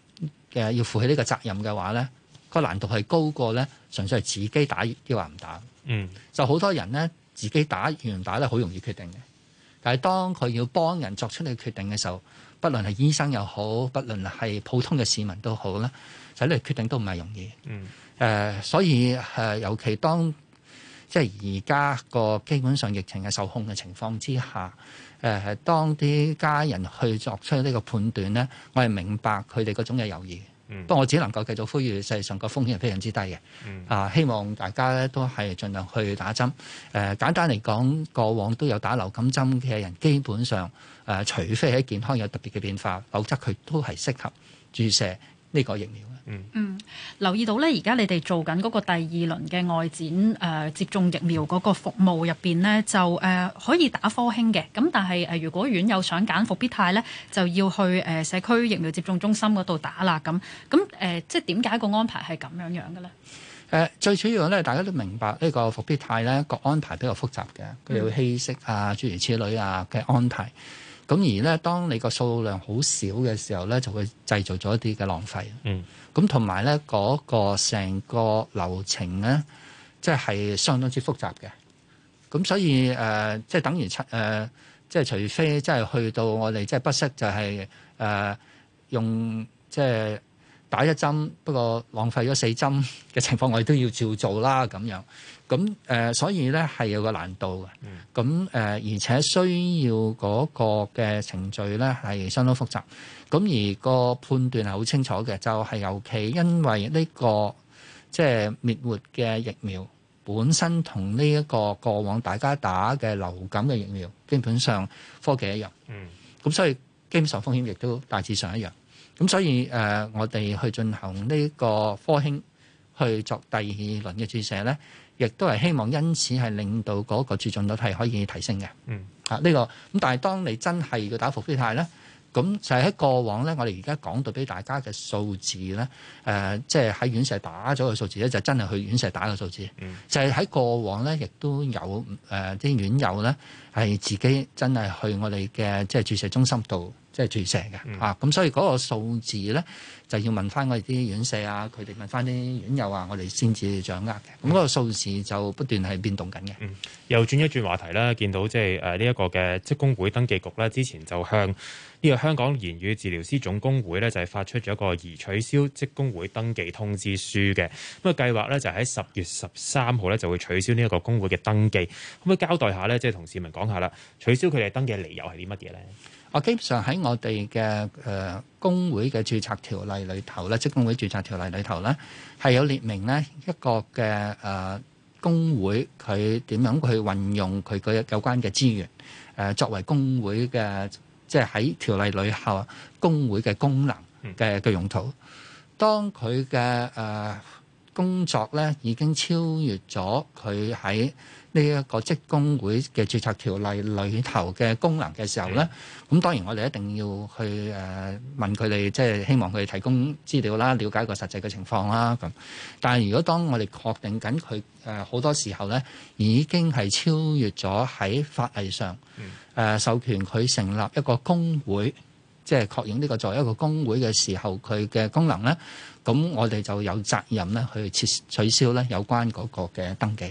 呃、要負起呢個責任嘅話咧，個難度係高過咧純粹係自,、嗯、自己打，抑或唔打。嗯，就好多人咧自己打完打咧，好容易決定嘅。但係當佢要幫人作出你決定嘅時候，不論係醫生又好，不論係普通嘅市民都好啦，就呢決定都唔係容易。嗯。誒、呃，所以誒、呃，尤其當即係而家個基本上疫情係受控嘅情況之下，誒、呃，當啲家人去作出呢個判斷咧，我係明白佢哋嗰種嘅猶豫。嗯、不過我只能夠繼續呼籲，事實上個風險係非常之低嘅。啊、呃，希望大家咧都係盡量去打針。誒、呃，簡單嚟講，過往都有打流感針嘅人，基本上誒、呃，除非喺健康有特別嘅變化，否則佢都係適合注射。呢個疫苗咧，嗯，留意到咧，而家你哋做緊嗰個第二輪嘅外展誒、呃、接種疫苗嗰個服務入邊咧，就誒、呃、可以打科興嘅，咁但係誒、呃、如果院友想揀復必泰咧，就要去誒、呃、社區疫苗接種中心嗰度打啦。咁咁誒，即係點解個安排係咁樣樣嘅咧？誒、呃，最主要咧，大家都明白呢個復必泰咧個安排比較複雜嘅，佢要稀釋啊，諸如此類啊嘅安排。咁而咧，當你個數量好少嘅時候咧，就會製造咗一啲嘅浪費。嗯，咁同埋咧，嗰、那個成個流程咧，即係相當之複雜嘅。咁所以、呃、即係等於、呃、即係除非即係去到我哋即係不惜就係、是呃、用即係。打一針，不過浪費咗四針嘅情況，我哋都要照做啦。咁樣，咁、呃、所以咧係有個難度嘅。咁、呃、而且需要嗰個嘅程序咧係相當複雜。咁而個判斷係好清楚嘅，就係尤其因為呢個即係滅活嘅疫苗本身同呢一個過往大家打嘅流感嘅疫苗基本上科技一樣。嗯。咁所以基本上風險亦都大致上一樣。咁、嗯、所以誒、呃，我哋去進行呢個科興去作第二輪嘅注射咧，亦都係希望因此係令到嗰個接種率係可以提升嘅。嗯、啊，吓，呢個咁，但係當你真係要打復必泰咧，咁就係喺過往咧，我哋而家講到俾大家嘅數字咧，誒，即係喺院舍打咗個數字咧，就真係去院舍打個數字。就是、數字嗯就、呃，就係喺過往咧，亦都有誒啲院友咧，係自己真係去我哋嘅即係注射中心度。即係注射嘅嚇，咁、嗯啊、所以嗰個數字咧，就要問翻我哋啲院舍啊，佢哋問翻啲院友啊，我哋先至掌握嘅。咁嗰、嗯、個數字就不斷係變動緊嘅。嗯，又轉一轉話題啦，見到即係誒呢一個嘅職工會登記局咧，之前就向呢個香港言語治療師總工會咧就係發出咗一個而取消職工會登記通知書嘅咁嘅計劃咧，就喺十月十三號咧就會取消呢一個工會嘅登記。可唔可以交代下咧，即係同市民講下啦？取消佢哋登記嘅理由係啲乜嘢咧？我基本上喺我哋嘅誒工會嘅註冊條例裏頭，咧，即工會註冊條例裏頭呢，咧，係有列明咧一個嘅誒、呃、工會，佢點樣去運用佢嘅有關嘅資源誒、呃，作為工會嘅即係喺條例裏頭工會嘅功能嘅嘅用途，當佢嘅誒工作咧已經超越咗佢喺呢一個職工會嘅註冊條例裏頭嘅功能嘅時候呢，咁的當然我哋一定要去誒問佢哋，即係希望佢哋提供資料啦，了解個實際嘅情況啦。咁，但係如果當我哋確定緊佢誒好多時候呢，已經係超越咗喺法例上誒的呃授權佢成立一個工會，即係確認呢個作為一個工會嘅時候，佢嘅功能呢。咁我哋就有責任咧，去撤取消咧有關嗰個嘅登記。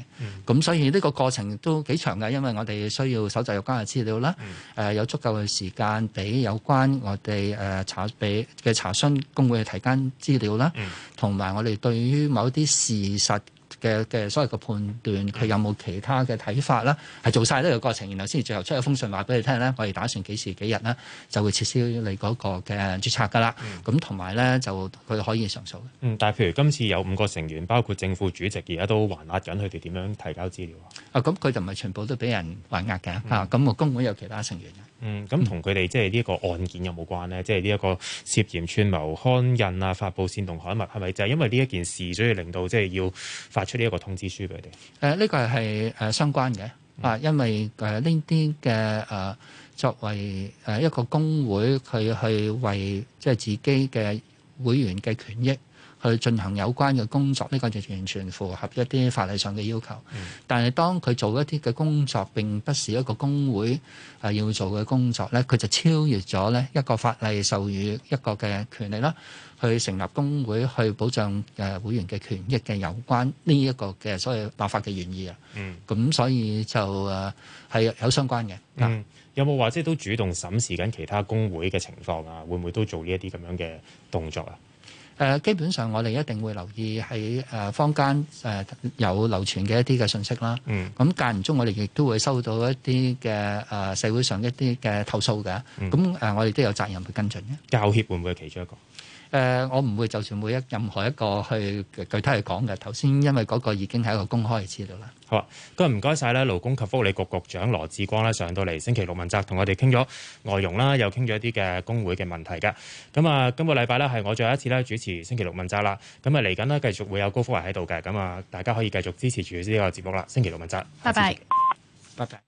咁、嗯、所以呢個過程都幾長嘅，因為我哋需要蒐集有關嘅資料啦。誒、嗯呃、有足夠嘅時間俾有關我哋誒、呃、查俾嘅查詢工會嘅提間資料啦。同埋、嗯、我哋對於某啲事實嘅嘅所謂嘅判斷，佢有冇其他嘅睇法啦？係做晒呢個過程，然後先至最後出咗封信話俾你聽咧，我哋打算幾時幾日咧就會撤銷你嗰個嘅註冊噶啦。咁同埋咧就佢可以上訴嘅。嗯，但係譬如今次有五個成員，包括政府主席，而家都還押緊，佢哋點樣提交資料啊？啊，咁佢就唔係全部都俾人還押嘅吓。咁個、嗯啊、公會有其他成員嗯，咁同佢哋即係呢一個案件有冇關咧？嗯、即係呢一個涉嫌串謀刊印啊、發布煽動刊物，係咪就係因為呢一件事，所以令到即係要發出呢一個通知書俾佢哋？誒、呃、呢、這個係誒、呃、相關嘅、嗯、啊，因為誒呢啲嘅誒作為誒、呃、一個工會，佢去為即係自己嘅會員嘅權益。去進行有關嘅工作，呢、這個就完全符合一啲法例上嘅要求。但係當佢做一啲嘅工作，並不是一個工會係要做嘅工作呢，佢就超越咗呢一個法例授予一個嘅權利啦，去成立工會去保障誒會員嘅權益嘅有關呢一、這個嘅所謂立法嘅原意啊。嗯，咁所以就誒係有相關嘅、嗯。有冇話即係都主動審視緊其他工會嘅情況啊？會唔會都做呢一啲咁樣嘅動作啊？誒基本上我哋一定會留意喺誒坊間誒有流傳嘅一啲嘅訊息啦。嗯，咁間唔中我哋亦都會收到一啲嘅誒社會上一啲嘅投訴嘅。嗯，咁誒我哋都有責任去跟進嘅。教協會唔會係其中一個？誒，我唔會就算，每一任何一個去具體去講嘅。頭先因為嗰個已經係一個公開嘅資料啦。好啊，今日唔該晒啦，勞工及福利局局長羅致光咧上到嚟星期六問責，同我哋傾咗內容啦，又傾咗一啲嘅工會嘅問題嘅。咁啊，今個禮拜咧係我最後一次咧主持星期六問責啦。咁啊，嚟緊呢，繼續會有高福華喺度嘅。咁啊，大家可以繼續支持住呢個節目啦。星期六問責，拜拜，拜拜。